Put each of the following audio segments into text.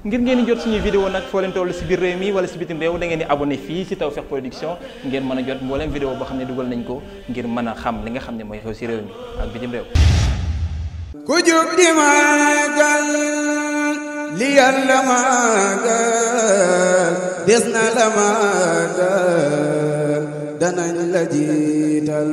ngir ngeen di jot suñuy vidéo nag foo leen si biir réew mi wala si bitim réew da ngeen di abonné fii si Tawfekh Production ngeen mën a jot mbooleem vidéo boo xam ne dugal nañ ko ngir mën a xam li nga xam ne mooy xew si réew mi ak bitim réew ku jóg di màggal li yàlla màggal des na la màggal danañ la jiital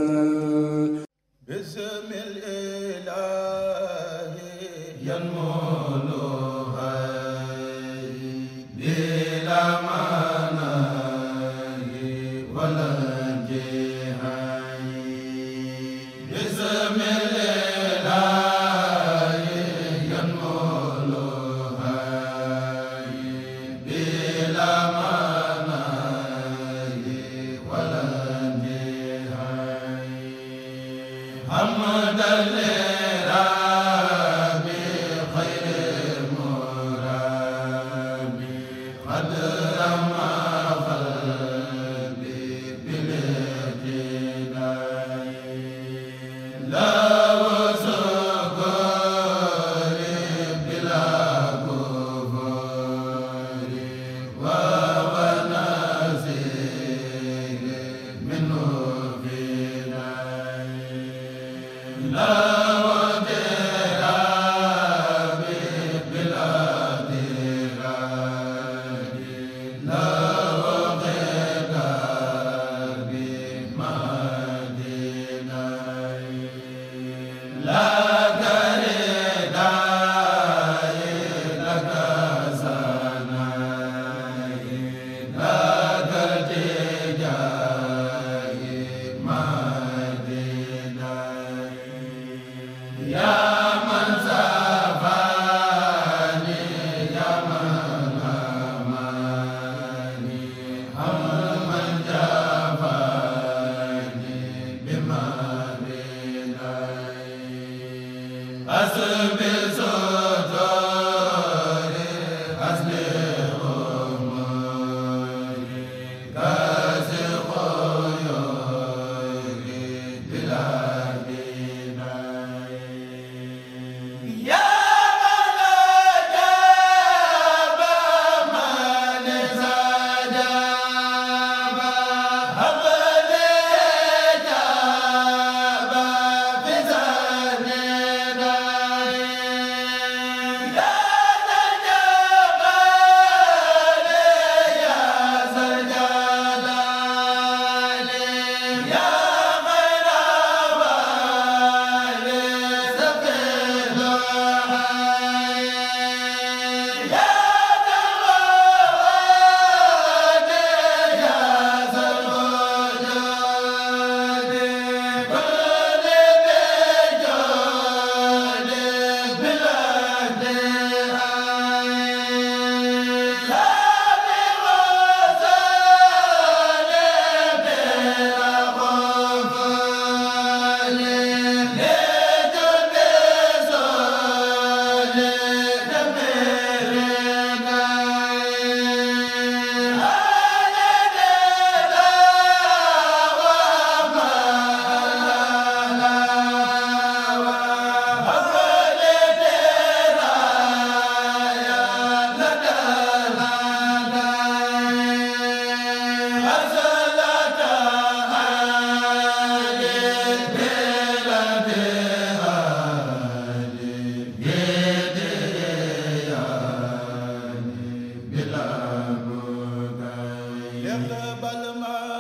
as bal ma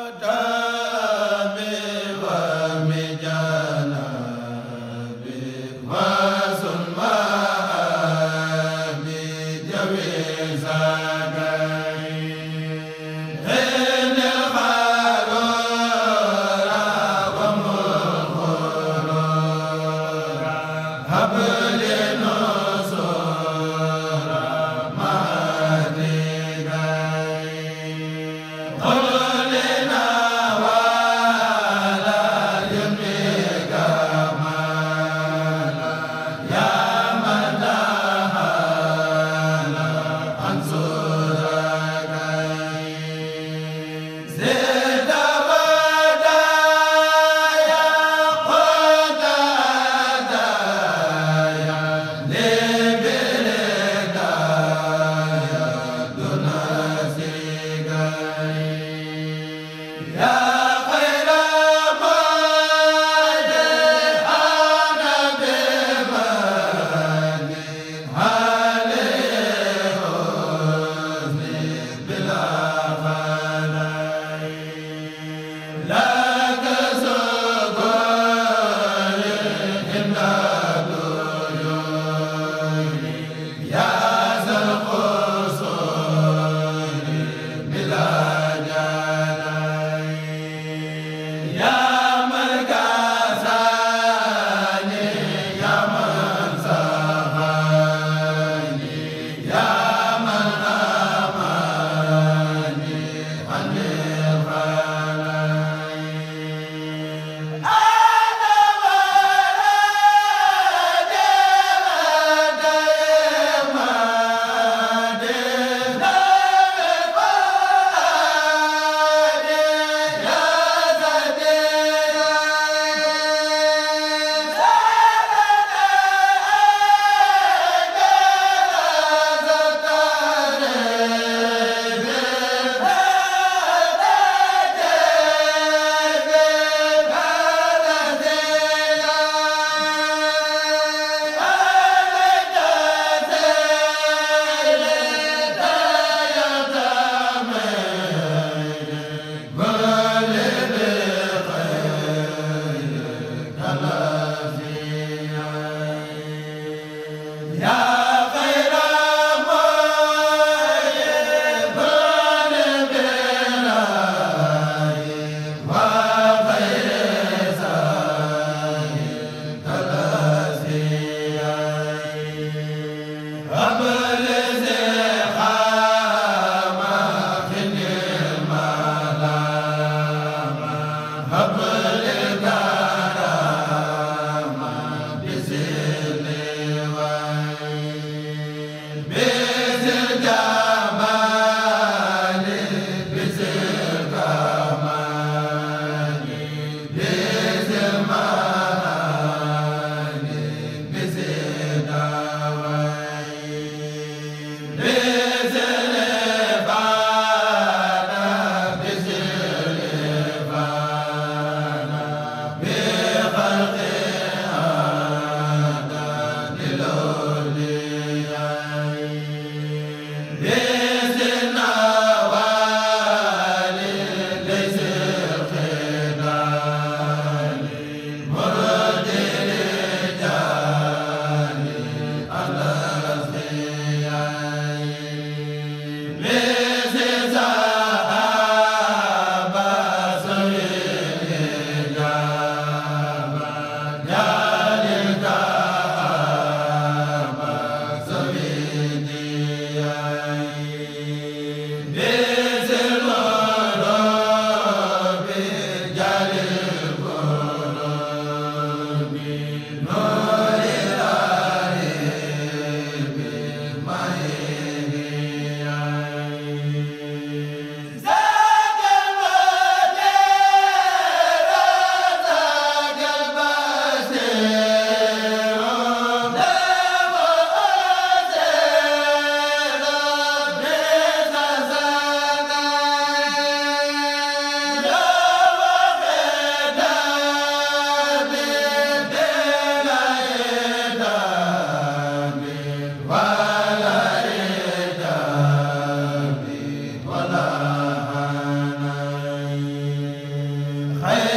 xay